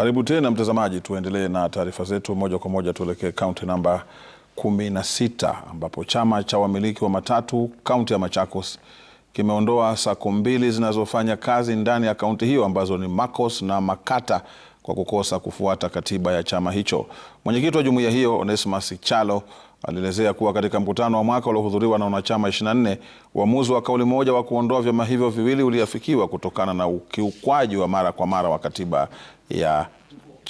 Karibu tena mtazamaji, tuendelee na taarifa zetu moja kwa moja. Tuelekee kaunti namba 16 ambapo chama cha wamiliki wa matatu kaunti ya Machakos kimeondoa sako mbili zinazofanya kazi ndani ya kaunti hiyo ambazo ni Makos na Makata kwa kukosa kufuata katiba ya chama hicho. Mwenyekiti wa jumuiya hiyo Onesmus Chalo alielezea kuwa katika mkutano wa mwaka uliohudhuriwa na wanachama 24, uamuzi wa kauli moja wa kuondoa vyama hivyo viwili uliafikiwa kutokana na ukiukwaji wa mara kwa mara wa katiba ya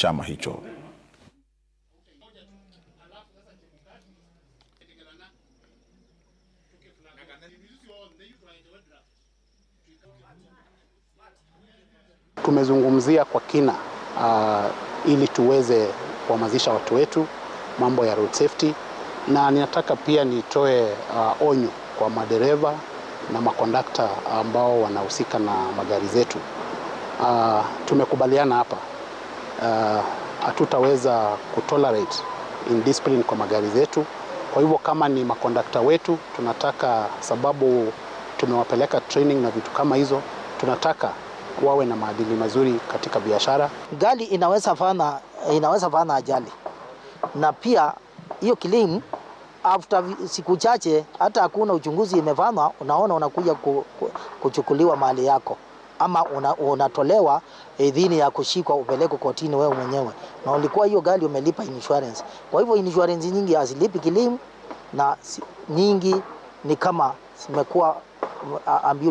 chama hicho. Tumezungumzia kwa kina uh, ili tuweze kuhamasisha watu wetu mambo ya road safety, na ninataka pia nitoe uh, onyo kwa madereva na makondakta ambao wanahusika na magari zetu. Uh, tumekubaliana hapa Uh, hatutaweza uh, kutolerate indiscipline kwa magari zetu. Kwa hivyo kama ni makondakta wetu, tunataka sababu tumewapeleka training na vitu kama hizo, tunataka wawe na maadili mazuri katika biashara. Gari inaweza fana, inaweza fana ajali, na pia hiyo kilimu after siku chache, hata hakuna uchunguzi imefanywa, unaona unakuja kuchukuliwa mali yako ama una, unatolewa eh, idhini ya kushikwa upelekwe kotini wewe mwenyewe, na ulikuwa hiyo gari umelipa insurance. Kwa hivyo insurance nyingi hazilipi kilimu na nyingi ni kama zimekuwa ambulance.